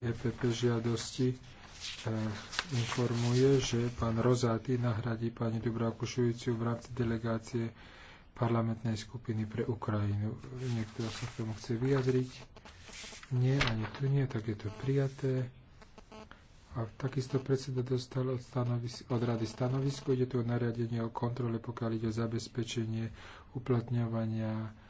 EPP žiadosti e, informuje, že pán Rozáty nahradí pani Dubravku Šujúciu v rámci delegácie parlamentnej skupiny pre Ukrajinu. Niekto sa k tomu chce vyjadriť? Nie, ani tu nie, tak je to prijaté. A takisto predseda dostal od, stanovis- od rady stanovisko, ide tu o nariadenie o kontrole, pokiaľ ide o zabezpečenie uplatňovania